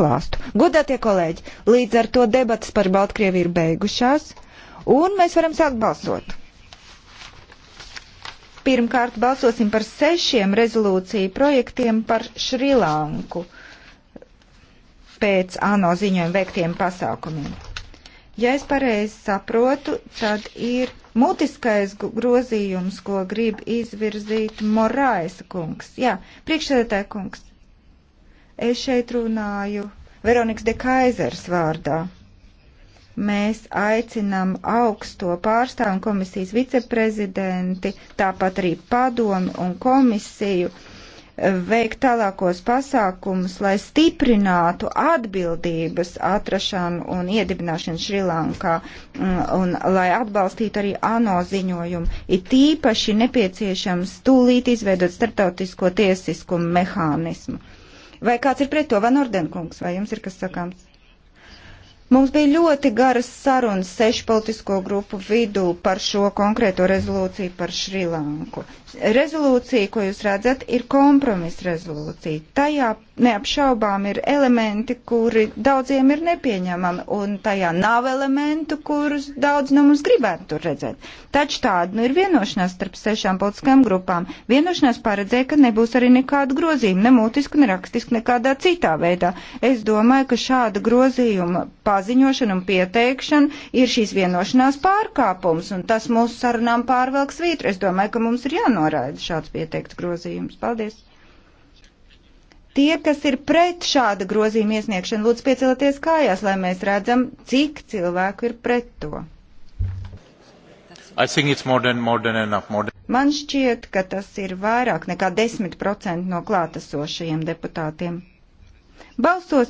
klāstu. Godātie kolēģi, līdz ar to debatas par Baltkrieviju ir beigušās, un mēs varam sākt balsot. Pirmkārt, balsosim par sešiem rezolūciju projektiem par Šrilanku pēc ANO ziņojuma veiktiem pasākumiem. Ja es pareizi saprotu, tad ir mutiskais grozījums, ko grib izvirzīt Moraisa kungs. Jā, priekšsēdētāja kungs. Es šeit runāju Veronikas de Kaisers vārdā. Mēs aicinām augsto pārstāvu komisijas viceprezidenti, tāpat arī padomi un komisiju veikt tālākos pasākumus, lai stiprinātu atbildības atrašanu un iedibināšanu Šrilankā, un, mm, un lai atbalstītu arī ANO ziņojumu. Ir tīpaši nepieciešams tūlīt izveidot starptautisko tiesiskumu mehānismu. Vai kāds ir pret to? Van Ordenkungs, vai jums ir kas sakāms? Mums bija ļoti garas sarunas sešu politisko grupu vidū par šo konkrēto rezolūciju par Šrilanku. Rezolūcija, ko jūs redzat, ir kompromisa rezolūcija. Tajā neapšaubām ir elementi, kuri daudziem ir nepieņemami, un tajā nav elementu, kurus daudz no mums gribētu tur redzēt. Taču tāda nu ir vienošanās starp sešām politiskām grupām. Vienošanās paredzēja, ka nebūs arī nekāda grozījuma, ne mutiski, ne rakstiski, nekādā citā veidā. Es domāju, ka šāda grozījuma pār paziņošana un pieteikšana ir šīs vienošanās pārkāpums, un tas mūsu sarunām pārvelks vītru. Es domāju, ka mums ir jānoraida šāds pieteikts grozījums. Paldies! Tie, kas ir pret šāda grozījuma iesniegšanu, lūdzu piecelieties kājās, lai mēs redzam, cik cilvēku ir pret to. More than, more than enough, than... Man šķiet, ka tas ir vairāk nekā 10% no klātesošajiem deputātiem. Balsos